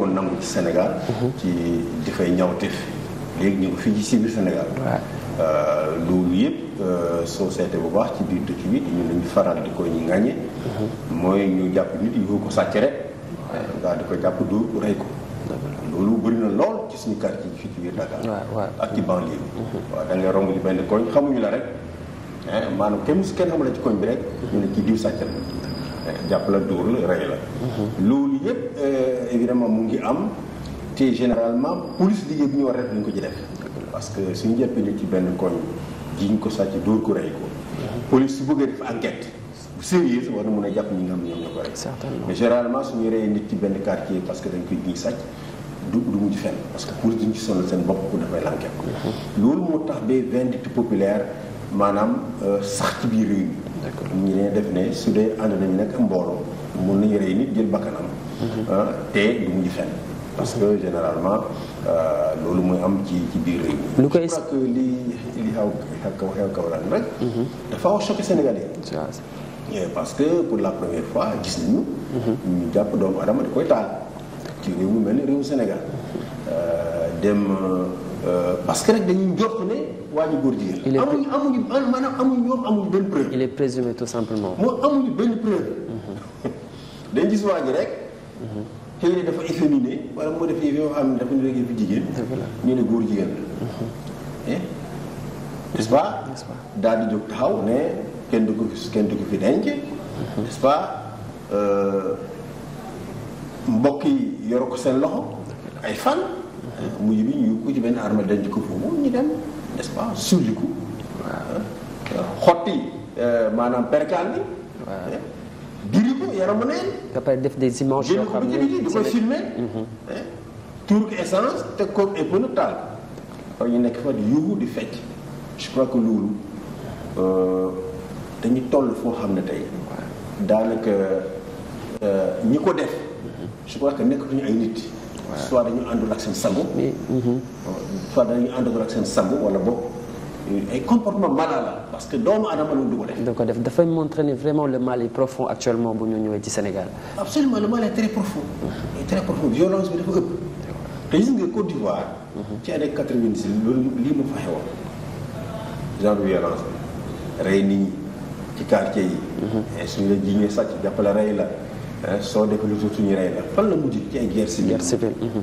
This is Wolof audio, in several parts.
kon nangu ci Sénégal. Mhm. ci dafay ñawteef léegi ñu ngi fii ci si biir Sénégal. Euh, loolu yëpp euh, soo seetee bu baax ci biir dëkk bi ñun dañu faral di ko ñu mhm. mooy ñu jàpp nit yoo ko di ko jàpp du rey ko. loolu lool ci suñu quartier fii ci biir Dakar. ak ci banlieue bi. waaw mhm. da ngay romb ci benn koñ xamuñu la rek. maanaam kenn su kenn xamul la ci koñ bi rek. ñu ne ci diw sàcc la. jàpp la dóor la rey la loolu yëpp euh, évidemment mu ngi am te généralement police liggéey bu ñu war rek duñ ko ci def parce que suñ jàppee nit ci benn koñ jiñ ko sàcc dóor ko rey ko police su bëggee def enquete bu sérieuse war na mun a jàpp ñi nga xam ñoom ñoo ko rey mais généralement suñu reyee nit ci benn quartier parce que dañ koy jiñ sàcc du du mujj fenn parce que police duñ ci sonal seen bopp ku dafay l'enquête mm-hmm. loolu moo tax ba vendite populaire maanaam euh, sax ci biir réew mi d'accord ñu ne def ne su dee ànd nañu nag mbooloo mun nañu rey nit jël bakkanam. Mhm. Ah, te du mujj fenn. parce que généralement euh, loolu mooy am ci ci biir réew lu koy je crois que li xew xew Kaolack rek. Mhm. dafa xaw choqué Sénégalais. parce que pour la première fois gis nañu. Mhm. ñu jàpp doomu adama di koy taal. ci réew mu mel ni réewu Sénégal euh, dem. Euh, parce que rek dañuy njort ne waa ji góor jigéen la. amuñu amuñu maanaam amuñu ñoom amuñu benn preuve. il est présumé tout simplement. moo amuñu benn preuve. Mhm. dañ gis waa ji rek. Mhm. xëy dafa efféminé wala moo def yow am dafa ñu rek fi jigéen. ñu ne góor jigéen la. Mhm. Eh? n'est-ce pas. nest daal di jóg taxaw ne kenn du ko kenn du ko fi denc. n'est-ce pas euh, mbokk yi yor ko seen loxo ay fan. mujj bi ñu ku ci benn arme dañ ko foofu ñu dem n'est-ce pas sulliku. waaw euh, xotti euh, maanaam percal bi. waaw diri ko yaramu neen. nga def des images yoo xam ne di ko filmé. Mhm. Eh, tuur ko essence te koog ay pneu taal. kon ñu nekk fa di yuuxu di fecc je crois que loolu euh, dañu toll foo xam ne tey. daanaka ñi ko def. Mhm. je crois que nekkatuñu ay nit. soit dañu àndul ak seen sangu. Mm-hmm. soit dañu àndul ak seen sangu wala boog ay comportement malade parce que doomu aadama lu du ko def. du ko def dafay montrer ni vraiment le mal est profond actuellement bu ñu ñëwee ci Sénégal. absolument le mal est très profond. est très profond violence bi dafa ëpp. te gis nga Côte d'Ivoire. Mm-hmm. ci année 90 loolu lii ma fa xewoon genre violence rey nit ñi ci quartier yi. Mm-hmm. suñu la jiñee sàcc jàppale rey la. Euh, soo defee lu tuuti ñu rey la fan la mujj ci ay guerre civile. guerre civile. Mhm.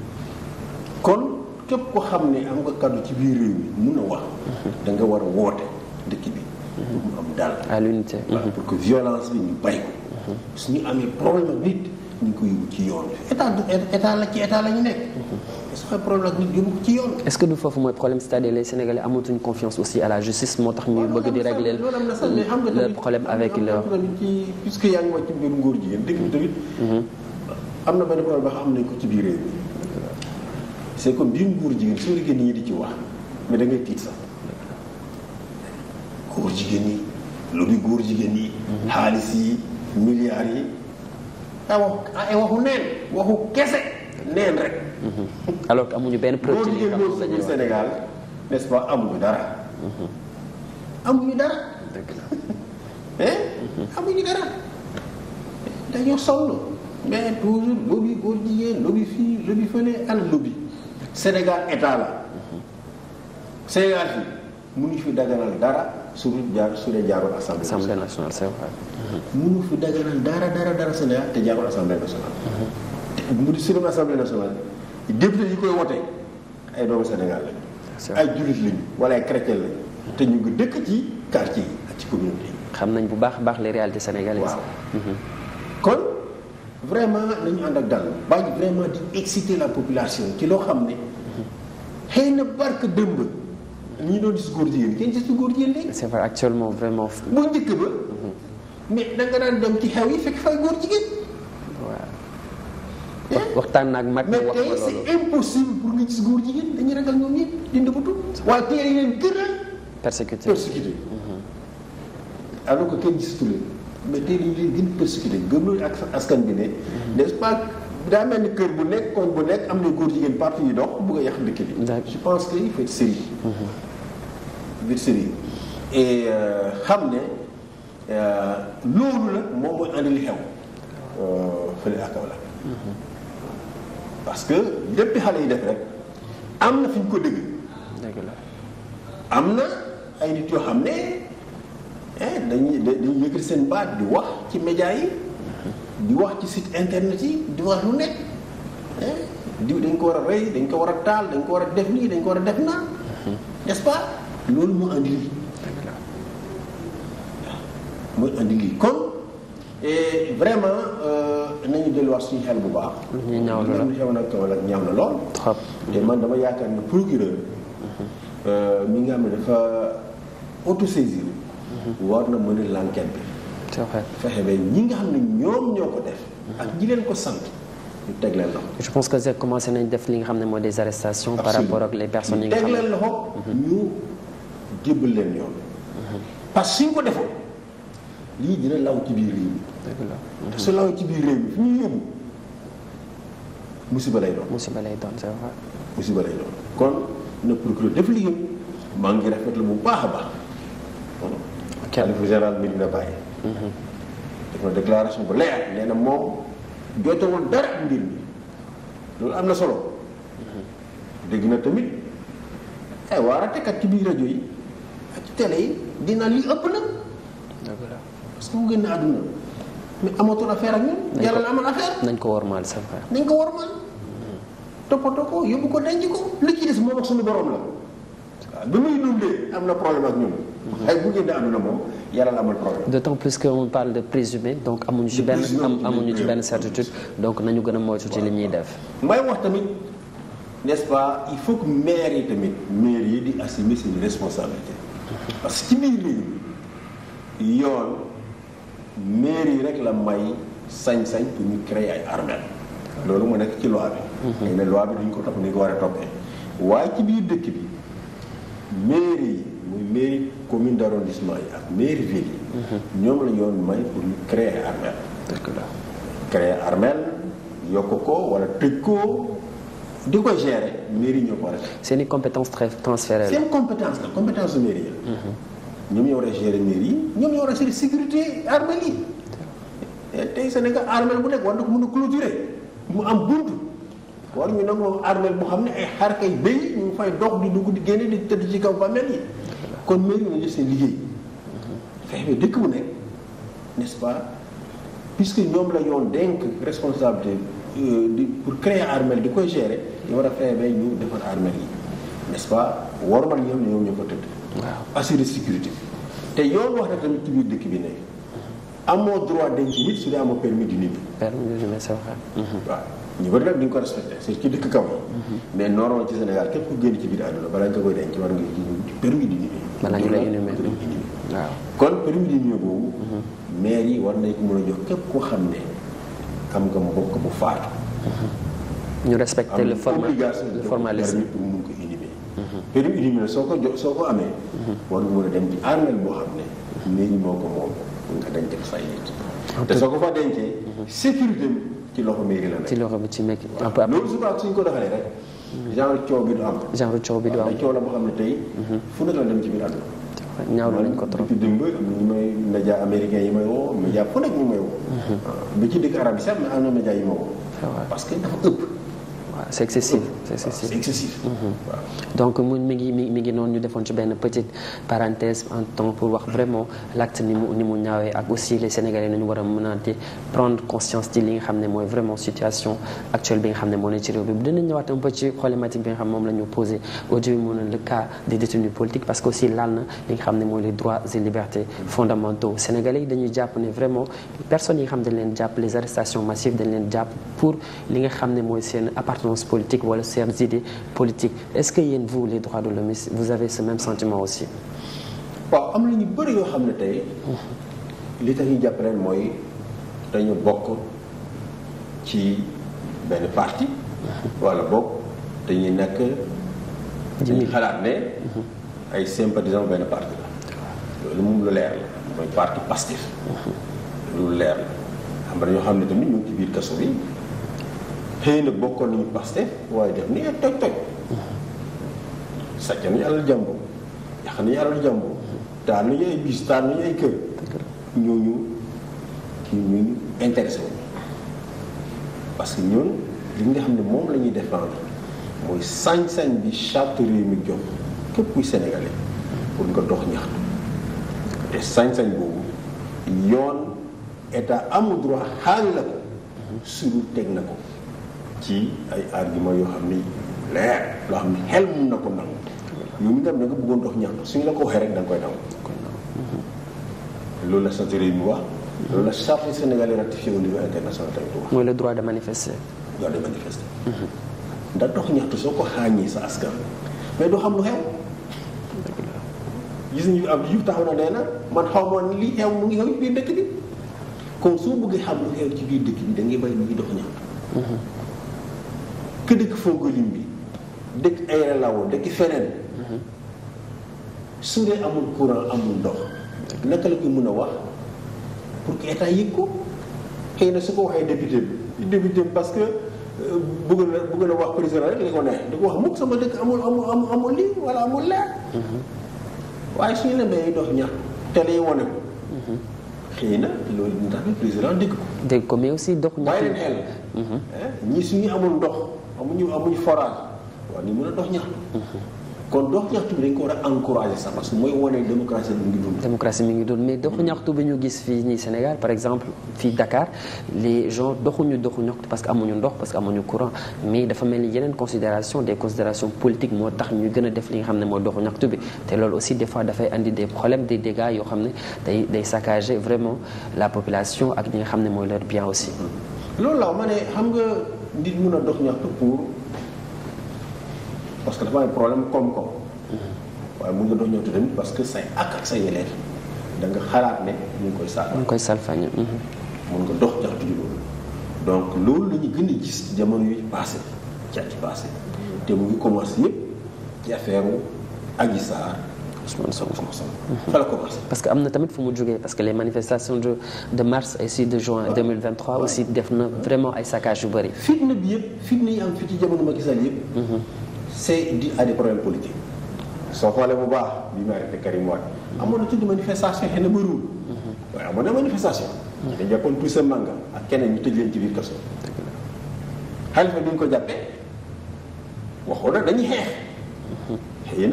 kon képp ko xam ne am nga kaddu ci biir réew mi mun na wax. Mhm. da nga war a woote dëkk bi. Mhm. pour mu am daal. à l'unité. pour que violence bi ñu bay ko. su ñu amee problème ak nit ñu koy yóbbu ci yoon bi état état la ci état la nekk. sax problème nit yu ci yoon. est-ce que foofu mooy problème c'est-à-dire les Sénégalais amatuñ confiance aussi à la justice moo tax ñuy bëgg di régler le problème avec leur. ci puisque yaa jigéen dégg mhm. am na benn problème ba xam nañ ko ci biir réew mi. c'est góor jigéen soo déggee nit ñi wax mais da ngay tiit sax. góor jigéen yi loolu góor jigéen yi. Mhm. xaalis yi milliards yi. Ah, ah waxu neen waxu kese neen rek. Mhm. alors que amuñu benn preuve ci li nga xam Sénégal n'est-ce pas amuñu dara. Mhm. amuñu dara. dëgg la mhm. mais toujours lobby góor lobby fii lobby fële ana lobby Sénégal état la. Sénégal fii mënuñu fi daganal dara su jaar su dee jaarul assemblée nationale c'est vrai. mënu fi daganal dara dara Sénégal te jaarul assemblée nationale. mu assemblée nationale. député yi koy wote ay doomu Sénégal lañu. ay jullit lañu wala ay chrétien lañu. te ñu ngi dëkk ci quartier yi ak ci communauté yi. xam nañ bu baax a baax les réalités sénégalaises. waaw mhm. kon vraiment nañu ànd ak dal bàyyi vraiment di exciter la population ci loo xam ne xëy na barke dëmb ñu ngi doon gis góor jigéen kenn gisu góor jigéen léegi. c'est vrai actuellement vraiment. bu njëkk ba. Mhm. mais da nga daan dem ci xew yi fekk fay góor jigéen. waxtaan naag mag ma mais tey c'est impossible pour nga gis góor jigéen dañuy ragal ñoom ñëpp di ndëbatu waaye tey leen gën a persécuté persécuté alors que kenn gisatu leen mais tey dañu leen gën persécuté gëm askan bi ne n'est-ce daa mel ni kër bu nekk bu nekk am na góor jigéen parti yi dox bëgg a yàq dëkk bi je pense que mm-hmm. il faut être sérieux biir sérieux et euh, euh, loolu la moom mooy andi li xew euh, fële ak Kaolack mm-hmm. parce que lépp xale yi def rek am na fi ñu ko dëgg. dëgg la am na ay nit yoo xam ne eh, dañuy dañuy yëkkati seen baat di wax ci média yi di wax ci sit internet yi di wax lu nekk eh, di dañ ko war a rey dañ ko war a taal dañ ko war a def nii dañ ko war a def naa. n'est-ce loolu moo andi lii. mooy andi lii kon. e vraiment euh, nañu delluwaat suñu xel bu baax. ñu ñaaw la lool xew nag Kaolack ñaaw na lool. te man dama yaakaar ne procureur. Mhm. Euh, mi nga xam ne dafa autosaisir. Mhm. war na mën a l'enquête bi. c'est vrai fexe ba ñi nga xam ne ñoom ñoo ko def. ak ñi leen ko sant. ñu teg leen loxo. je pense que c'est commencé nañ def li nga xam ne mooy des arrestations. par rapport ak les personnes yi nga xam ne mhm. ñu leen yoon. ko defoon. lii dina law ci biir réew mi. su law ci biir réew mi ñu ñuy yóbbu musiba lay doon. musiba lay doon c'est vrai. musiba lay doon kon na procureur def liggéey bu baax a baax. xalifa général Medina Baye. Mhm. def na bu leer nee na moom mbir mi loolu am na solo. Mhm. na tamit ay waaratekat rajo yi yi dina li ëpp nag. parce que mu génn àdduna mais amatul affaire ak ñun. yàlla la amal affaire. nañ ko wormaal sa frère. nañ ko wormaal. Hmm. toppatoo ko yóbbu ko denc ko li ci des moom ak suñu borom la. waaw bi muy dundee am na problème ak ñun. Hmm. ay bu génn àdduna moom yàlla la amal problème. d'autant plus que on parle de présumé donc amuñu ci benn amuñu ci benn certitude donc nañu gën a moytu ci li ñuy def. may wax tamit n'est-ce pas il faut que maire yi tamit maire yi di assumer seen responsabilité hmm. parce que ci biir léegi yoon. mairie rek la may sañ-sañ pour ñu créer ay armeel loolu mu nekk ci loi bi dañ mhm. ne bi duñ ko topp ni ko war a toppee waaye ci biir dëkk bi mairie muy mairie commune d' arrondissement yi ak mairie ville mhm. ñoom la yoon may pour ñu créer armel armeel créer armeel yokk ko wala tëj ko di ko gérer mairie ñoo ko war seen i compétence transférée seen compétence la compétence mairie la mhm. ñoom ñoo war a gérer mairie yi ñoom ñoo war a gérer sécurité armel yi tey Sénégal armel bu nekk war na ko mën a mu am bunt war ñu nangoo armel bu xam ne ay xar kay béy ñu fay dox di dugg di génne di tëdd ci kaw bàmmeel yi kon mairie nañu def seen liggéey fexe dëkk bu nekk n'est-ce pas puisque dénk responsabilité euh, di pour créer armel di koy gérer ñu war a fexe ba ñu defar armel yi n'est-ce pas war ñoom ñoom ñoo ko tëdd waaw assurer sécurité bi te yoon wax na tamit ci biir dëkk bi ne amoo droit denc nit su dee amoo permis du nit. permis du nit c'est vrai. Mhm. ñu bëri nag duñ ko ci dëkk kaw mhm. mais normal ci Sénégal képp ku ci biir àdduna balaa nga koy denc war nga ji permis d'inhumer balaa ñu lay inhumer waaw kon permis d'inhumer boobu mhm. maire war nañ ko mën a jox képp koo xam ne xam nga mbokk bu faatu ñu respecté le formalisme permis illimé soo ko jo soo ko amee. Mhm. war nga a dem ci armeel boo ko moom nga denc say nit. Ah, te soo ko fa dencee. Mhm. sécurité ci loxo mairie la nekk. ci loxo bi ci mekk loolu souvent ko doxalee rek. Mhm. genre coow bi du am. genre coow bi du am coow la boo xam ne tey. fu ne la ci biir àdduna. ñaawlu nañ ko trop depuis démb ñu may média américain yi may woo média fu nekk ñu may woo. Ah, bi ci dëkk arab yi sax mais am na média yi ma woo. Ah, parce que dafa ëpp. c'est excessif mhm. donc mu mi ngi mi ngi noonu ñu defoon ci benn petite parenthèse en temps pour wax vraiment l'acte ni mu ni mu aussi les Sénégalais nañu war a mën a prendre conscience ci li nga xam ne mooy vraiment situation actuelle bi nga xam ne moo ne ci réew le cas des détenus politiques parce que aussi laal na li nga xam ne mooy les droits et libertés fondamentaux Sénégalais yi dañuy jàpp ne vraiment personnes yi nga xam dañ leen jàpp les arrestations massives mouvance politique wala seen idées politique est-ce que yéen vous les droits de l'homme vous avez ce même sentiment aussi. waaw am na ñu bëri yoo xam ne tey li tax ñu jàpp leen mooy dañu bokk ci benn parti. wala boog dañuy nekk. dañuy xalaat ne. Mhm. ay sympathisants benn parti la. loolu moom lu leer la mooy parti Pastef. Mhm. lu leer la am na ñoo xam ne tamit ñu ngi biir kaso bi. xëy na bokkoon nañu Pastef waaye def ni toj toj sàcc nañu alal jàmbur yàq nañu alal jàmbur taal nañu ay bis taal nañu ay kër ñooñu ñooñu intéressé wu parce que ñun li nga xam ne moom lañuy ñuy mooy sañ-sañ bi charte réew mi jox képp kuy sénégalais pour nga dox ñax te sañ-sañ boobu yoon état amul droit xaal la ko suru teg na ko ci ay argument yoo xam ni leer loo xam ne xel mun na ko nangu yow mi nga xam bëggoon dox ñaxtu suñu la ko waxee rek da nga koy nangu loolu la santé réew mi wax mhm. loolu la charte sénégalais ratifié au niveau international tamit wax mooy le droit de manifester droit de manifester mhm. ndax dox ñaxtu soo ko xaañee sa askan mais doo xam lu xew gis ñu ab yu taxaw na nee nag man xaw ma li xew mu ngi xew ci biir dëkk bi kon soo bëggee xam lu xew ci biir dëkk bi da ngay bay lu dox ñaxtu mhm. ku dëkk Fongolimbi bi dëkk Aéré Lao dëkk feneen mhm. su dee amul courant amul dox naka la ko mën a wax que état yëg ko na su ko waxee député bi parce que euh, bëgg na bëgg na wax président rek li ko neex di ko wax mukk sama dëkk amul amul amul lii wala amul leer mhm. waaye suñu la may dox ñax te lay wane ko mhm. xëy na loolu dina tax président dégg ko dégg ko mais si dox ñax waaye leen xel ñi suñu amul dox amuñu amuñu forage waaw ñu mën a dox ñaxtu kon dox ñaxtu bi dañ ko war a encouragé sax parce que mooy wane démocratie mi ngi dund. démocratie mi ngi dund mais doxu ñaxtu bi ñu gis fii nii Sénégal par exemple fii Dakar les gens ñu doxu ñaxtu parce que amuñu ndox parce que amuñu courant mais dafa mel ni yeneen considération des considérations politique moo tax ñu gën a def li nga xam ne mooy doxu ñaxtu bi te loolu aussi des fois dafay andi des problèmes des dégâts yoo xam ne day day saccager vraiment la population ak ñi nga xam ne mooy leur bien aussi. nit mun a dox ñaxtu pour parce que dafa am problème koom-koom mm-hmm. waaye mun nga dox ñaxtu tamit parce que say ak ak say yelleef da nga xalaat ne ñu ngi koy sàll ñu ngi koy sàlfañe mm-hmm. mun nga dox ñaxtu ji loolu donc loolu la ñu gën a gis jamono yu passé ci at ci passé te mu ngi commencé yëpp ci affaire u Adji Sarr Ousmane Sonko fa la commencé. parce que am na tamit fu mu jógee parce que les manifestations de de mars i si de juin 2023 aussi def na vraiment ay saccage yu bëri. fitna bi yëpp fitna yi am fii ci jamono Macky Sall yëpp. Mhm. c'est dû à des problèmes politiques. soo xoolee bu baax bi mu arrêté Karim Wade. Mhm. amoon na tuuti manifestation xëy na bëriwul. waaye mhm. amoon na manifestation. dañu jàppoon Toussaint Manga ak keneen ñu tëj leen ci biir kaso. xalifa bi ñu ko jàppee waxoon na dañuy xeex. xëy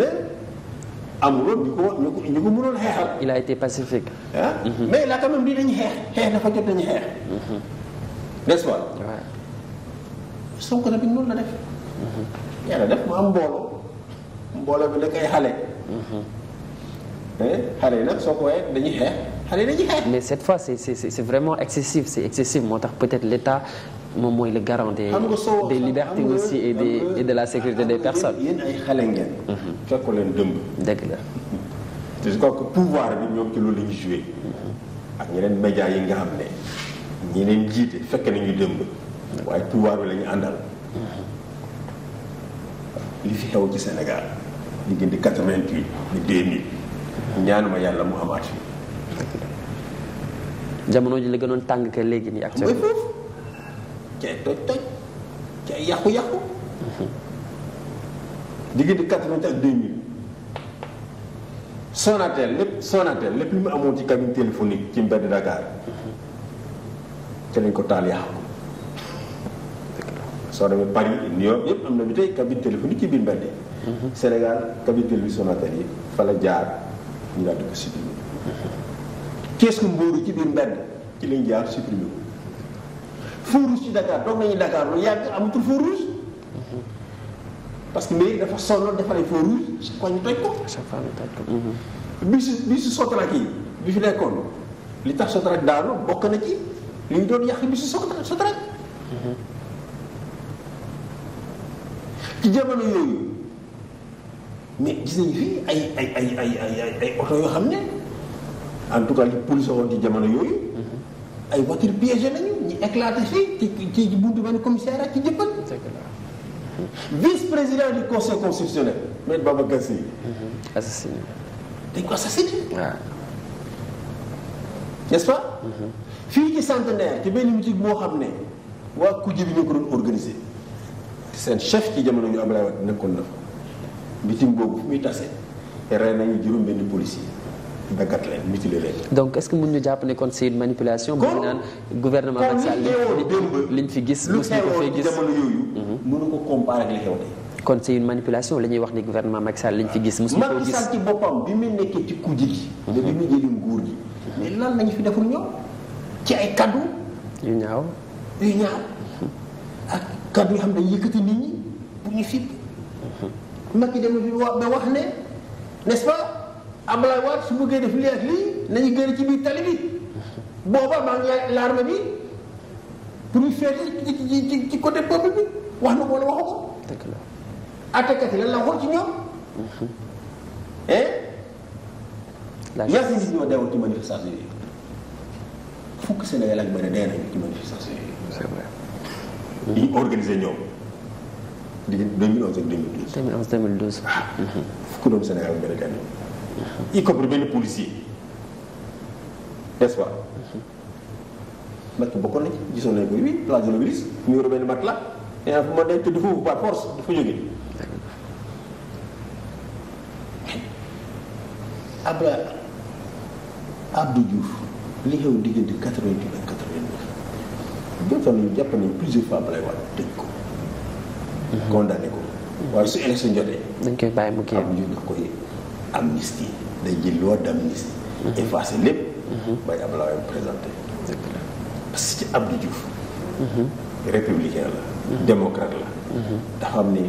amuloon ñu ko ñu ko ñu ko mënoon xeexal. il a été pacifique. Ah? Mm-hmm. mais la quand même di nañu xeex xeex dafa jot nañu xeex. Mm-hmm. n'est-ce pas. waaw mm-hmm. mbooloo mbooloo bi xale. Eh? xale yi nag soo ko waxee mais cette fois c'est vraiment excessif c'est excessif moo tax peut-être l'État moom mooy le garant des des aussi et de la sécurité des personnes. yéen ay xale ngeen. Mhm. fekk leen dëmb. dëgg la. pouvoir bi ñoom ci loolu la ñu joué. Mhm. ak ñeneen médias yi nga xam ne ñi leen jiite fekk nañu dëmb. waaye pouvoir bi la àndal. Mhm. li fi xew ci Sénégal diggante 88 ni 2000 ñaanuma yàlla mu amaat fi. jamono ji la gënoon tàng ka léegi nii actuellement. ci ay toj-toj ci ay yàqu-yàqu. diggante quatre-vingt ak deux mille Sonatel lépp Sonatel lépp lu mu amoon ci cabine téléphonique ci mbedd Dakar ci lañ ko taal yàqu ko. soo demee Paris New York yëpp am na bi tey cabine téléphonique ci biir mbedd Sénégal cabine téléphonique Sonatel yi fa la jaar ñu daal di ko supprimer. kees ku mbóoru ci biir mbedd ci lañ jaar supprimer ko. feu rouge ci Dakar toog nañu Dakar lu yàgg amatul feu rouge parce que mairie dafa sonnoon defaree foo rouge chaque fois ñu toj ko. chaque mmh. bi su bi su Sotrac yi bi fi nekkoon li tax Sotrac daanu bokk na ci li ñu doon yàq bi su Sotrac. Mmh. ci jamono yooyu mais gis nañu fi ay ay ay ay ay ay oto yoo xam ne en tout cas li police waxoon ci jamono yooyu. Mmh. ay voitures piégées lañu. ñu éclaté fii ci ci ci buntu benn commissariat ci jëppal. vice président di conseil constitutionnel. Me Babacar Sy. Mm-hmm. assassiné. dañ ko assassiné. waaw. n'est-ce pas. Mm-hmm. fii ci centenaire ci benn meeting moo xam ne waa kujje bi ñoo ko doon organisé. seen chef ci jamono ñu Abdoulaye Wade nekkoon na fa. meeting boobu fu muy tase. te rey nañu juróom benn policier. daggat leen mutilé leen. donc est-ce que mën ñu jàpp ne kon c'est une manipulation. kon naan gouvernement Macky Sall li fi gis. lu mhm. la ñuy wax ni gouvernement Macky Sall li ñu fi gis. mosu ci boppam bi mu nekkee ci kujje gi. da mhm. bi mu jëli nguur gi. mais lan lañu fi deful ñoom ci ay kaddu. yu ñaaw yu ñaaw ak kaddu yoo xam ne yëkkati nit ñi bu ñu fipp mhm. Macky dem bi wax ne n'est-ce pas. am Ablaye Wade su bëggee def lii ak lii nañu génn ci biir tali bi booba maa ngi ma bi pour ñu féete ci ci ci ci côté peuple bi wax na ko wala waxu ko. dëgg la attakat yi lan la waxoon ci ñoom. eh. la ñaata nit ñoo deewul ci manifestation yi fukk Sénégal ak benn dee nañu ci manifestation yi. c'est vrai. yi organisé ñoom. diggante 2011 ak 2012. 2011 ah. mhm. fukk doomu Sénégal ak benn y compris benn policier n'est-ce pas. Macky bokkoon na ci gisoon nañu ko oui place de l'Obélisque mu yor benn matelas nee fu ma day tëdd foofu par force dafa jógee. Abla Abdou Diouf li xew diggante 90 ak 89 jotoon nañu jàpp nañu plusieurs fois balay wax tëj ko. Mhm. condamné ko. Mhm. waaye su élection jotee. dañ koy bàyyi mu kii Abdou Diouf daf koy amnistie day jël loi d' amnistie. Mhm. effacé lépp. Mhm. bay Abdoulaye présenté. parce que ci Abdou Diouf. Mhm. républicain la. démocrate la. dafa am ni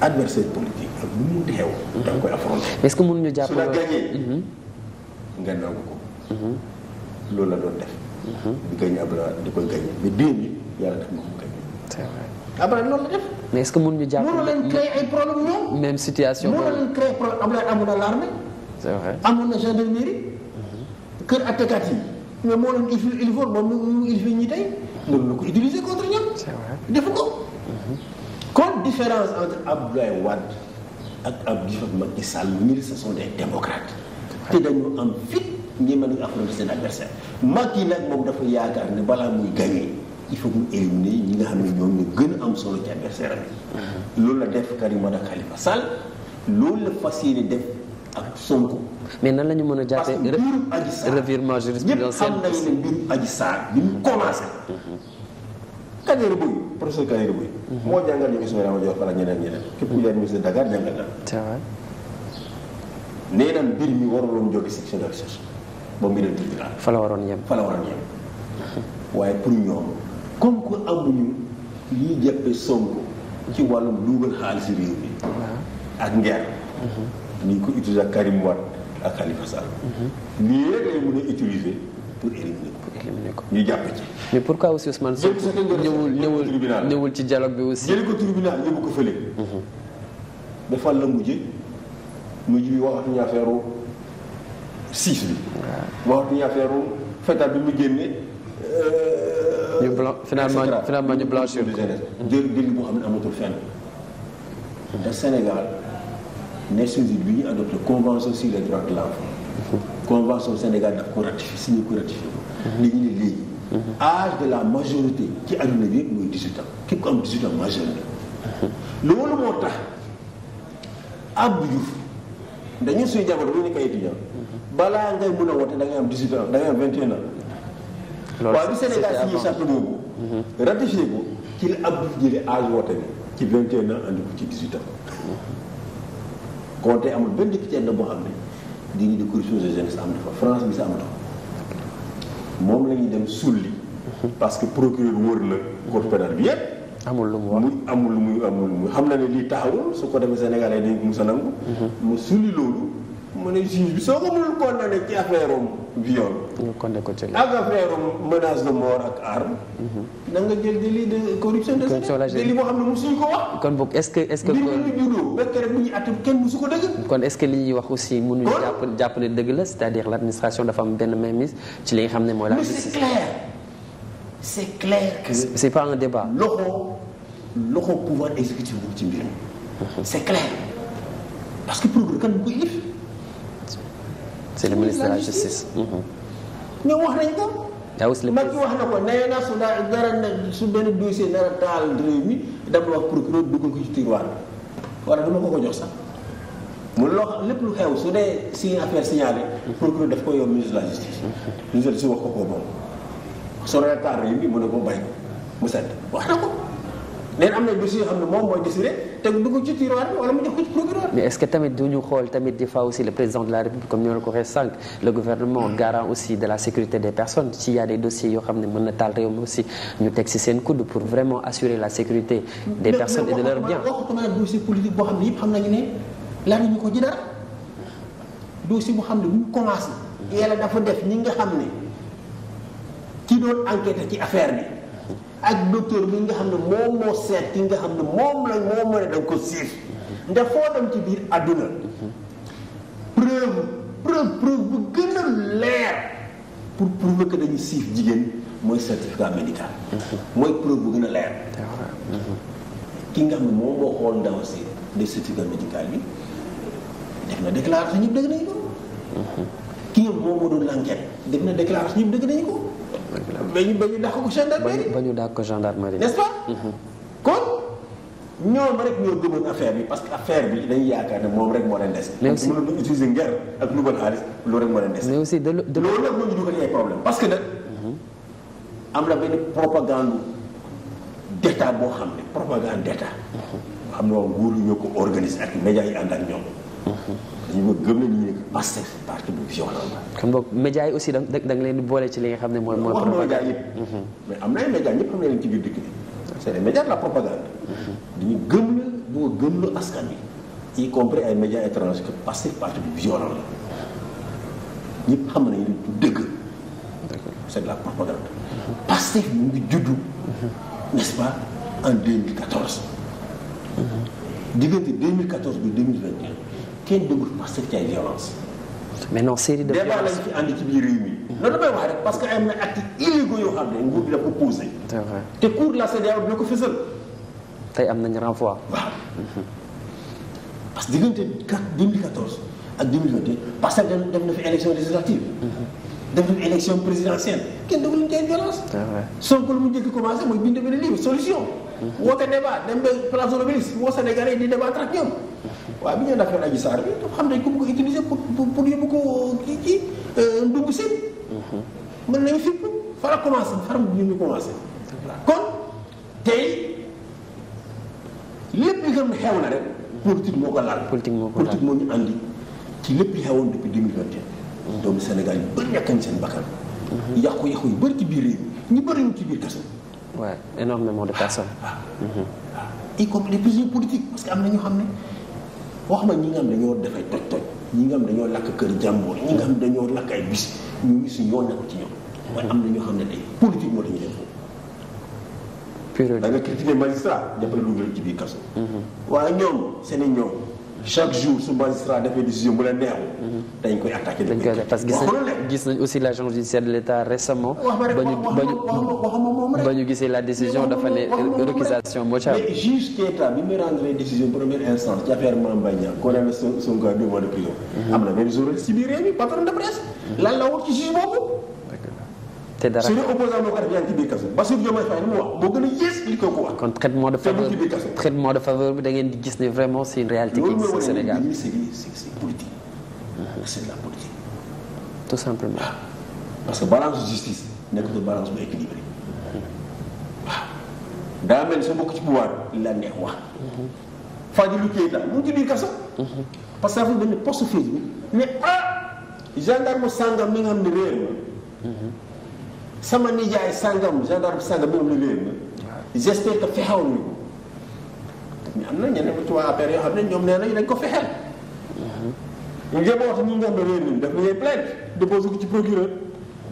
adversaire politique ak lu mu munti xew. da koy affronté. est-ce que mënuñu jàpp su la loolu la doon def. di gagné Abdoulaye di koy gagné mais 2000 yàlla def na ko mu gagné. c'est vrai loolu def. mais est-ce que mën ñu jàpp mënoo leen créer ay problème ñoom. même situation mënoo leen créer problème am leen na mhm. leen il il faut moom mhm. différence entre Abdoulaye moom dafa yaakaar ne balaa muy gagner. il faut mu éliminer ñi nga xam ne ñoom ñu gën am solo ci adversaire am loolu la def Karim ak Khalifa Sall loolu la fas yéene def ak Sonko. mais nan lañu mën a jàppee. parce que mbirum Adji Sarr revirement ne mbirum Adji Sarr bi mu commencé. Kader Boye professeur Kader Boye. moo jàngal ñu ñeneen ñeneen. képp ku leen ministre Dakar jàngal na. c'est vrai. nee na mbir mi waroon jóge section de recherche ba mbiral tribunal. fa la waroon yem fa la waroon yem waaye pour ñoom. comme que amuñu liy jàppe Sonko ci wàllum duugal xaalis réew mi ak ngeer mhm. ni ko utiliser ak Karim Wade ak Khalifa Sall mhm. lii rek lay mën a utiliser pour éliminer ko éliminer ko ñu jàpp ci mais pourquoi aussi Ousmane Sonko ñëwul ñëwul ñëwul ci dialogue bi aussi jëli ko tribunal yóbbu ko fële mhm. dafa la mujje mujj bi waxatuñu affaire siis bi waxatuñu affaire fetal bi mu génne euh, ñu blan finalement finalement ñu blanchir ko jël dil boo xam ne amatul fenn te Sénégal Nations Unies bi ñu adopté convention les droits de l'enfant convention Sénégal daf ko ratifié si ñu ko ratifié li ñu ne léegi âge de la majorité ci àdduna bi yëpp mooy 18 ans képp ko am 18 ans majeur la loolu moo tax Abdou Diouf dañu suy jabar bu ñu nekk ay balaa ngay mën a wote da ngay am 18 ans da ngay am waaw bi Sénégal signé charte boobu mm-hmm. ratifié ko ci la Abdou jële âge woote bi ci 21 ans andi ko ci 18 ans kon mm-hmm. tey amul benn député na boo xam ne di ngi di corruption de jeunesse am na France bi sa amatu ko moom la ñuy dem sulli mm-hmm. parce que procureur wër la code pénal bi yëpp amul lu mu wax muy amul lu muy amul lu muy xam na ne lii taxawul su ko defee Sénégalais dañ ko a nangu mu sulli loolu mu ne juge bi soo ko mënul condamné ci affaire am viol. ñu condamné ko ci ak affaire menace de mort ak arme. da mhm. nga jël délit de corruption de. corruption la délit boo xam ne mosuñu ko wax. kon boog est ce que est ce que. mbir mi ñu kon est ce que li ñuy wax aussi mënuñu jàpp jàpp ne dëgg la c' est à dire l' administration dafa am benn mainmise ci li nga xam ne mooy la. mais c' est clair c' est clair que. pas un débat. loxo loxo pouvoir exécutif boobu ci mbir mi. Mhm. c' parce que c'est le ministre de la justice. ñoom mm-hmm. wax nañ ko. daa wax na ko nee na su daa dara nag su benn dossier dara taal réew mi dama wax procureur duggal ko ci tiroir bi wala dama ko ko jox sax. mu loo xam lépp lu xew su dee si affaire signalé. procureur daf ko yow ministre de la justice. ministre de wax ko koo moom. soo dee taal réew mi mu ne ko bàyyi ko mu set wax na ko. neen am na dossier xam ne moom mooy décidé te dugg ci tiroir bi wala mu jox ko ci procureur. mais est-ce que tamit du ñu xool tamit di fois aussi le président de la république comme ni ko waxee sànq le gouvernement mm. aussi de la sécurité des personnes s'il y a des dossiers xam ne mën na taal réew ñu teg ci seen coude pour vraiment assurer la sécurité. des personnes et de leurs biens mais waxatuma waxatuma dossier politique boo xam ne yëpp xam ne lan ko ci dara dossier bu xam ne bu ñu commencé. yàlla dafa def ñi nga xam ne ci doon enquête ci affaire bi. ak docteur bi nga xam ne moom moo seet ki nga xam ne moom la moom moo ne da nga ko siif ndax foo ci biir àdduna preuve preuve preuve bu gën a leer pour prouver que dañu siif jigéen mooy certificat médical mooy preuve bu gën a leer ki nga xam ne moom moo xool ndaw si de certificat médical bi def na déclaration ñëpp dëgg nañu ko ki nga moom moo doon l'enquête def na déclaration ñëpp dëgg nañu ko mais ñu ba ñu dàq ko gendarmerie. ba ñu dàq ko gendarmerie. n'est-ce pas. Mm-hmm. kon ñoom rek ñoo gëmoon affaire bi parce que affaire bi dañu yaakaar ne moom rek moo leen des. mais aussi mënoon na loolu rek moo leen des. mais aussi de ay problème parce que nag. Mm-hmm. am na benn propagande d'état boo xam ne propagande d'état. boo mm-hmm. xam ne moom nguur ñoo ko organiser ak médias yi ànd ak ñoom. ñi ma gëm la ñu nekk Pastef parti bu violent la. kon leen di boole ci li xam ne mooy. mooy propagande mhm. mais am na ay médias ñëpp xam nañ leen ci biir dëkk bi. c'est les mhm. askan bi y compris ay média étrangers que Pastef parti bu violent la ñëpp xam na li du dëgg. c'est la propagande. Pastef mu ngi juddu. Mhm. nest pas en 2014. diggante 2014 ba 2021. kenn déggul Pastef ci ay violence mais de violence débat ci ànd ci mi. non damay wax rek parce que am na actes illégaux yoo xam ne nguur bi dafa te cour de la CEDEAO dina ko fësal. tey am nañu renvoi. waaw parce que diggante 4 2014 ak 2021 parce que dem na fi élection législative. Mm-hmm. def nañu élection présidentielle kenn déglu ñu tey violence. c'est vrai Sonko lu mu njëkk commencé mooy bind solution. Mm-hmm. woote débat dem place de l'Obélisque woo Sénégalais yi di débattre ak ñoom. waaye bi ñu dafee aji saar bi dafa xam ne ku mu ko utiliser pour pour yóbbu ko kii kii ndugg euh, seen. Mhm. mën nañu fipp fara commencé fara ñu ñu commencé. kon tey lépp li xew na rek. politique moo ko laal. politique moo ko laal politique moo ñu andi ci lépp li xewoon depuis 2021. Mhm. doomu Sénégal yu bëri ñàkk nañ seen bakkan. Mhm. yàqu-yàqu yu bëri ci biir réew ñu bëri ñu ci biir kaso. waaw énormément de personnes. waaw ah. ah. waaw y compris les parce que am na ñoo wax ma ñi nga xam dañoo def ay toj-toj ñi nga xam dañoo lakk kër jàmbur ñi nga xam dañoo lakk ay bis ñu su ñoo nekk ci ñoom. waaye am na ñoo xam ne tey politique moo dañuy def. période da nga critiquer magistrat jàppale lu ci biir kaso. Mm-hmm. waaye ñoom seen i ñoom. chaque jour su magistrat defee décision bu leen neexul. Mhm. parce que gis nañ gis nañ aussi l'agent judiciaire de l'État récemment. ba ñu ba ñu ba ñu gisee la décision dafa ne récusation moo ci am. mais juge Keita bi mu rendre décision première instance ci affaire Mame Mbaye Niang ko demee Sonko deux mois de prison. am na benn journaliste ci mhm. la wut ci juge boobu. te dara su dee opposant moo ko def yaa ngi ci biir kaso Bassirou Diomaye Faye li mu wax moo gën a yées li ko wax. kon traitement de faveur traitement de faveur bi da ngeen di gis ne vraiment c'est une réalité qui existe au Sénégal mhm. ah. parce que balance justice nekkul balance bu équilibré mhm. ah. daa mel ni sa ci pouvoir li la neex wax. Mhm. Fadilou Keita mu ngi ci biir kaso. parce que dafa benn poste Facebook ne ah gendarme sangam mi nga xam ne réer la. sama nijaay sàngam gendarme sàngam moom la leen j'espère que fexewoon ñu ko ñu am na ñeneen ci waa affaire yoo xam ne ñoom nee nañ dañ ko fexeel mhm. njaboot ñu ngeen réer nii daf ngay plainte déposé ko ci procureur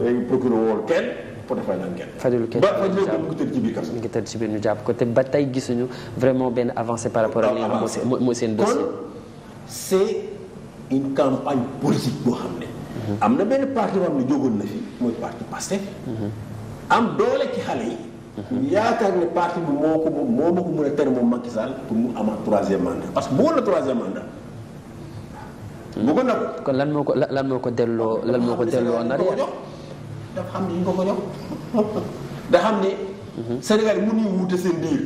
day procureur wool kenn pour defal leen kenn. fajul kenn ba fajul kenn mu ngi tëdd ci biir kaso. mu ngi tëdd ci biir ñu jàpp ko ba tey gisuñu vraiment benn avancée par rapport ak li nga xam mooy seen dossier. kon c'est boo xam ne. am na benn parti boo xam jógoon na fi mooy parti Pastef am doole ci xale yi. Mhm. yaakaar ne parti bi moo ko moo ma ko mën a tere moom Macky Sall pour mu amaat troisième mandat parce que bëggoon na troisième mandat. bëggoon na ko. kon lan moo ko lan moo ko delloo lan moo ko delloo nar ya dafa xam ne ko ko jox dafa xam ne. Mhm. Sénégal yi mënuñu wuute seen biir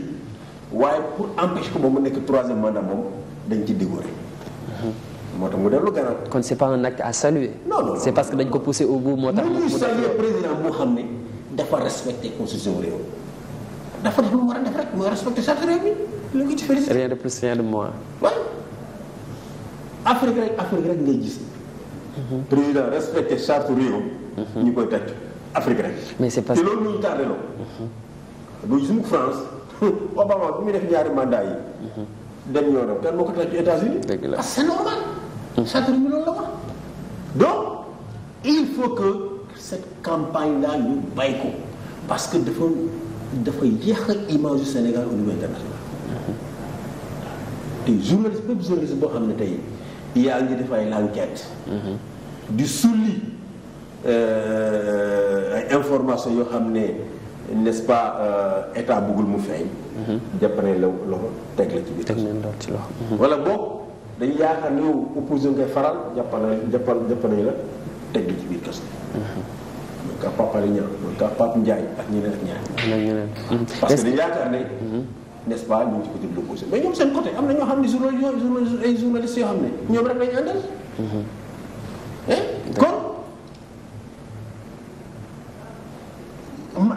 waaye pour empêcher ko ba mu nekk troisième mandat moom dañ ci déggoo mhm. moo tax mu dellu gannaaw. kon c'est pas un acte à saluer. non non c'est parce que dañ ko poussé au moo tax. mu saluer président boo xam ne dafa respecté constitution réew dafa def lu mu a def rek mooy respecté charte réew mi lu parce que te loolu ñu tardé mhm. muy def ñaari mandat yi. Mhm. dem moo ko tàcc États-Unis. parce ah, que normal. Chaque mi loolu la wax donc il faut que cette campagne là ñu bàyyi ko parce que dafa dafa yéex a image du Sénégal au niveau international te journaliste bépp journaliste boo xam ne tey yaa ngi def ay enquête mm-hmm. di sulli euh, information yoo xam ne n'est-ce pas euh, état bëggul mu feeñ jàpp ne la loxo teg la ci teg leen loxo loxo mm-hmm. wala boog dañ yaakaar ni yow opposé ngay faral jàppal jàppal jàppal nañu la teg ci biir kaso parce que dañ yaakaar ne. n'est-ce pas ñu ngi ci côté de l'opposé ñoom seen côté am na ñoo xam ne journaliste ay journalistes yoo xam ne ñoom rek lañu àndal. eh kon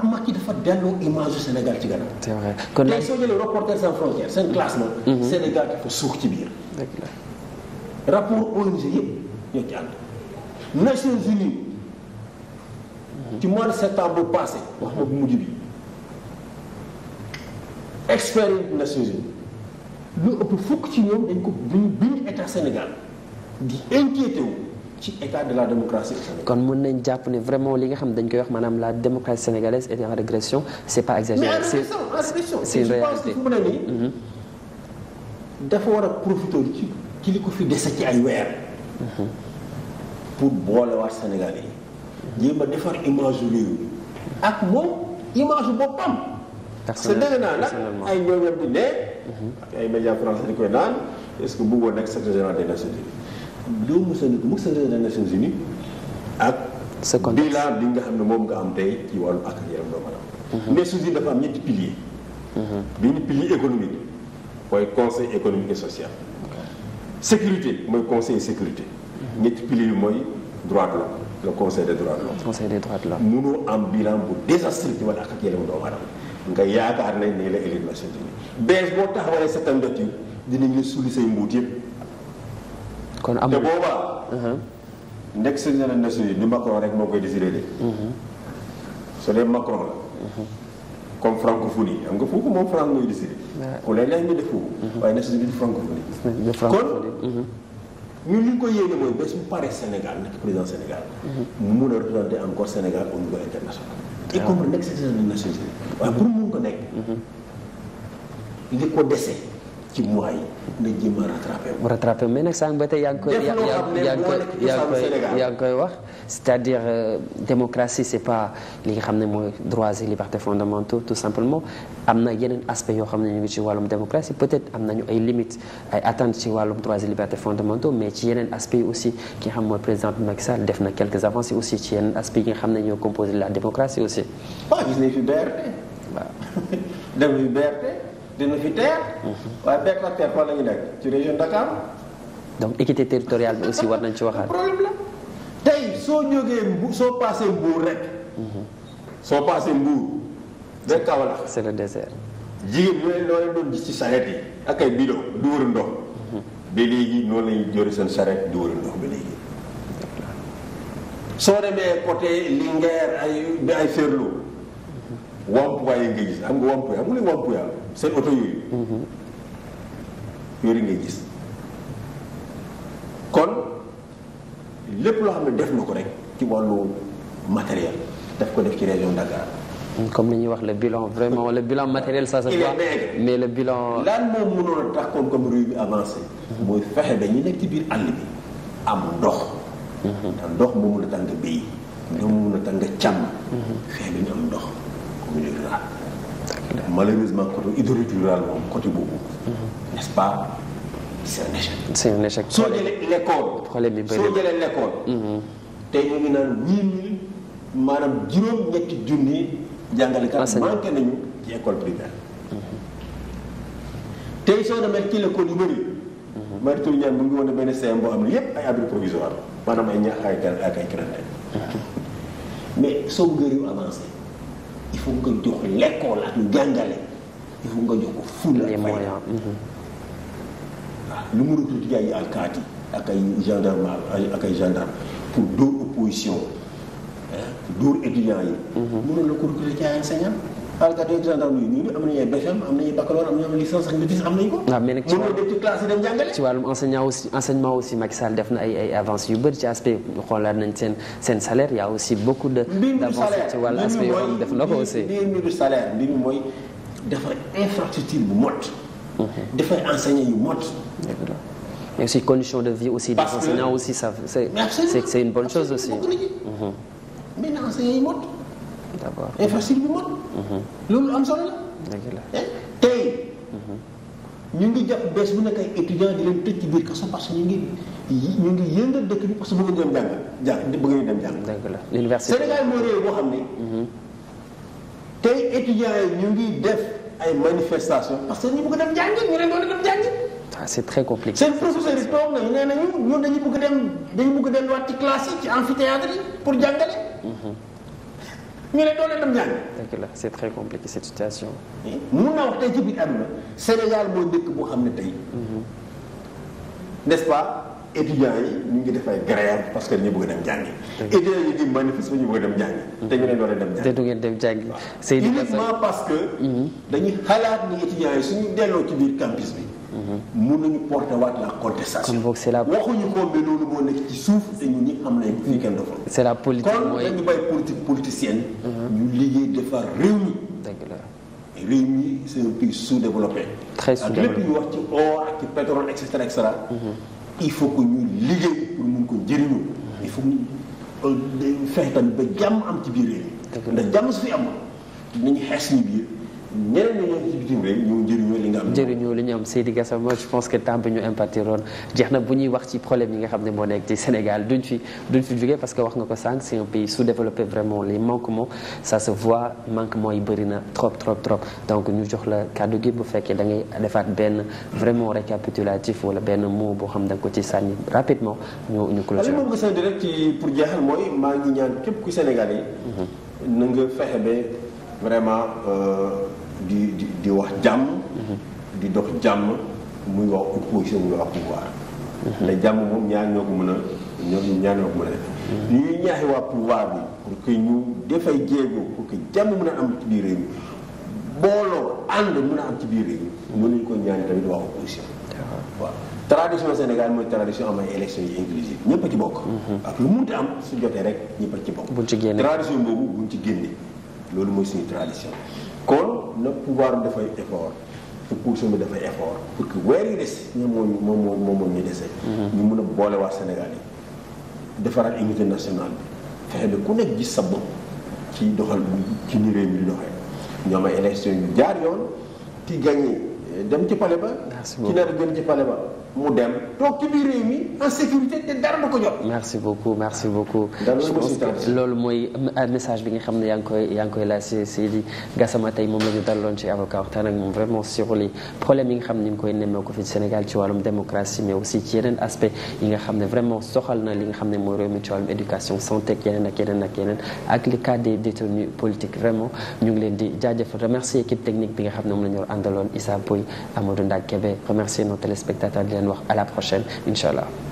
Macky dafa delloo image Sénégal ci gannaaw. c'est vrai kon nag tey soo jëlee Reporters sans frontières seen classement. Mhm. Sénégal dafa suux ci biir. rek la rapport ONG yëpp ñoo ci ànd Nations Unies ci mois de septembre passé wax ma bu mujj bi experts yi Nations Unies lu ëpp fukk ci ñoom dañ ko biñ biñ état Sénégal di inquiété ci état de la démocratie kon mën nañ jàpp ni vraiment li nga xam dañ koy wax maanaam la démocratie sénégalaise est en régression c'est pas exagéré. c'est une réalité dafa war a profité ci ci li ko fi dese ci ay weer. pour boolewaat Sénégal yi. jéem a defar image yu réew ak moom image boppam. parce que dégg naa nag ay ñooñam di ne. Mhm. ay médias français di koy naan est-ce que bëggoon nekk secrétaire général des Nations Unies. doo mos a nekk mu secrétaire des Nations Unies ak. bilan bi nga xam ne moom nga am tey ci wàllu ak yaram doomu aadama. Mhm. mais suuf dafa am ñetti piliers. Mhm. benn pilier économique. mooy conseil économique et social sécurité mooy conseil sécurité mhm. ñetti pilier yi mooy droit de l'homme le conseil de l'homme conseil de l'homme munoo am bilan bu désastreux ci wàllu ak ak yelleefu doomu aadama nga yaakaar nañ ne la élite Nations Unies bees boo taxawalee sa candidature dinañ la sulli say mbuut yëpp kon am te boobaa uh-huh. nekk sa na Unies ni Macron rek moo koy désiré de uh-huh. su dee Macron la uh-huh. comme francophonie am nga foofu moom franc mooy décidé. ku lay lay ñu def foofu. waaye na si biir francophonie. kon mhm. ñun li ñu ko yéene mooy bés bu paree Sénégal nekk président Sénégal. Mhm. mu mun a représenté encore Sénégal au niveau international. Ah y compris nekk secrétaire des Nations Unies. waaye mhm. pour mu mun ko nekk. li ko dese. ci mois yi na jéem a rattrapé wu. rattrapé mais nag sànq ba tey yaa ngi koy. yaa ngi koy yaa ngi koy wax. c'est-à-dire euh, démocratie c'est pas li nga xam ne mooy droits et libertés fondamentaux tout simplement am na yeneen aspect yoo xam ne ñu ngi ci wàllum démocratie peut-être am nañu ay limites ay attentes ci wàllum droits et libertés fondamentaux mais ci yeneen aspect yi aussi ki nga xam mooy président Macky Sall def na quelques avancées aussi ci yeneen aspect yi nga xam ne ñoo composé la démocratie aussi. waaw gis nañu fi BRT. waaw dem fi BRT. dina fi teer. Mhm. waaye bekk ak teer fan la ñu nekk ci région Dakar. donc équité territoriale bi aussi war nañ ci waxaat. problème la tey soo ñëwee mbu soo paasee Mbour rek. Mhm. soo paasee de rek Kaolack c'est le désert. jigéen ñooy loolee doon gis ci sareet yi ak ay bidon du wër ndox. Mhm. ba léegi noonu la jori seen sareet du wër ndox léegi. soo demee côté Linguère ay ay Ferlo. wampuwaay yi nga gis am nga wampuwaay amul seen oto yooyu. Mhm. yooyu ngay gis kon lépp loo xam ne def na ko rek ci wàllu matériel daf ko def ci région Dakar. comme li ñuy wax le bilan vraiment le bilan matériel ça se voit mais le bilan. lan moom mënoon a tax kon comme réew bi avancé. Mhm. mooy fexe ba nekk ci biir àll bi am ndox. Mhm. te ndox moom la tax nga béy. ndox moom la tax nga càmm. fexe ba am ndox comme malheureusement côté hydraulique rural côté boobu. n'est-ce pas c'est un échec. c'est un échec soo jëlee l'école. problème bi bëri soo jëlee l'école. Mm-hmm. tey ñu ngi naan ñii mille maanaam juróom-ñetti junni jàngalekat. manqué nañu ci école primaire. Mm-hmm. tey soo demee ci l'école yu bëri. Mm-hmm. Mary Teuw Niane mu ngi woon benn CEM boo xam ne yëpp ay abri provisoire maanaam ay ñax ay ay ay mais soo gëriw avancé. il faut nga jox lekkool ak njàngale il faut nga jox ko fulla ak fay mhm. waaw lu mu recruter ay alkaati ak ay gendarme ak ay gendarme pour dóor opposition pour dóor étudiants yi mënoon mhm. na ko recruter ci ay enseignants alkaati ak gendarme yi ñu ngi am nañu ay BFM am nañu baccalauréat am nañu am licence ak maîtrise am nañu ko. waaw ah, mais nag ci wàllu mën nga dem ci classe yi dem jàngale. ci wàllum enseignant aussi enseignement aussi Macky Sall def na ay ay avancées yu bëri ci aspect xoolaat nañ seen seen salaire y' a aussi beaucoup de. d' avancées ci wàllu aspect yoo xam def na ko aussi. mbir mi salaire mbir mi mooy dafa infrastructure bu mot. dafay enseignant yu mot. mais aussi condition de vie aussi. des enseignants aussi ça c' est c' est une bonne chose aussi. mais na mhm. enseignant yu mot. d'accord infrastructure bi mot. loolu am solo la. dëgg la eh, tey. ñu ngi jàpp bés bu nekk ay étudiants di leen tëj ci biir parce que ñu ngi ñu ngi yëngal dëkk bi parce que bëgg ngeen dem jàng la l'université Sénégal moo boo xam ne. Mhm. tey étudiants yi ñu ngi def ay manifestations parce que ñu bëgg dem jàng ñu leen doon dem jàng. ah c'est très compliqué. seen dañu bëgg dem dañu bëgg delluwaat ci classe ci amphithéâtre pour jàngale. Mhm. ñu ne doole dem jàng. dëgg la c'est très compliqué cette situation. mun naa wax tey ci biir àdduna Sénégal mooy dëkk boo xam ne tey. Mhm. n'est-ce pas étudiants yi ñu ngi def ay grève parce que dañu bëgg dem jàngi. étudiants yi di manifester ñu bëgg dem jàngi. te ñu ne dem jàngi te du ngeen dem jàngi. uniquement parce que. Mhm. dañuy xalaat ni suñu delloo ci biir campus bi. mun nañu porter waat la contestation. kon boog c'est la waxuñu ko loolu moo nekk ci suuf te ñun ñi am nañu fi kenn defal. c'est la politique mooy kon dañu bàyyi politique politicienne. Mhm. ñu liggéey defar réew mi. c'est un pays sous-développé. très sous-développé lépp ñu wax ci or ak ci pétrole et cetera et cetera. Mhm. il faut que ñu liggéey pour mun ko jëriñu. Mhm. il euh, tamit ba jàmm am ci biir réew mi. ndax jàmm su fi am dinañu xees ñu biir. ñeneen ñi ñëw ci bitim réew ñu jëriñoo li nga am. jëriñoo li ñu am Seydi Gassama je pense que temps jeex na bu ñuy wax ci problème yi nga xam ne moo nekk ci Sénégal duñ fi duñ fi jógee parce que wax nga ko sànq c'est un pays sous-développé vraiment les manquements sa se voit manquements yi bëri na trop trop trop donc ñu jox la kàddu gi bu fekkee da ngay defaat benn vraiment récapitulatif wala benn mot boo xam da ko ci sànni rapidement ñu ñu clôturer. waaw li ma gis ci pour jeexal mooy maa ngi ñaan képp ku Sénégalais. Mhm. na nga di di di wax jàmm. Mhm. di dox jàmm muy wax opposition muy wax pouvoir. te mhm. jàmm moom ñaar ñoo ko mën a ñoo ñaar ñoo ko mën a def. Mhm. ñuy ñaaxi waa pouvoir bi pour que ñu defay jéego pour que jàmm mën a am ci biir réew mi booloo ànd am ci biir réew mi. mënuñ ko ñaan tamit wax opposition. waaw tradition Sénégal mooy tradition am ay yi inclusive ñëpp ci bokk. ak lu mun munti am su jotee rek ñëpp a ci bokk. buñ ci génne tradition boobu buñ ci génne loolu mooy suñu tradition. le pouvoir dafay effort opposition bi dafay effort pour que weer yi des ñoom moo moom moom ñu dese mhm. ñu mun a boolewaat Sénégal yi defaraat unité nationale bi fexe ba ku nekk gis sa ci doxal ci ni réew mi di ñoom ay élection yu jaar yoon ki gagné dem ci pale ba ki nar a gën ci pale ba mu dem toog ci biir réew mi en sécurité te dara du ko loolu mooy euh, message bi nga xam ne yaa ngi koy yaa ngi koy laajte Seydi Gassama tey moom la ñu daloon ci avocat waxtaan ak moom vraiment sur les yi nga xam ne ñu ngi koy nemmeeku fii ci Sénégal ci wàllum démocratie mais aussi ci yeneen aspect yi nga xam ne vraiment soxal na li nga xam ne mooy réew mi ci wàllum éducation santé ak yeneen ak yeneen ak yeneen cas des détenus politiques vraiment ñu ngi leen di jaajëfal remercier équipe technique bi nga xam ne moom la ñu àndaloon Issa Boye Amadou Ndak Kébé remercier nos téléspectateurs leen wax à la prochaine incha allah.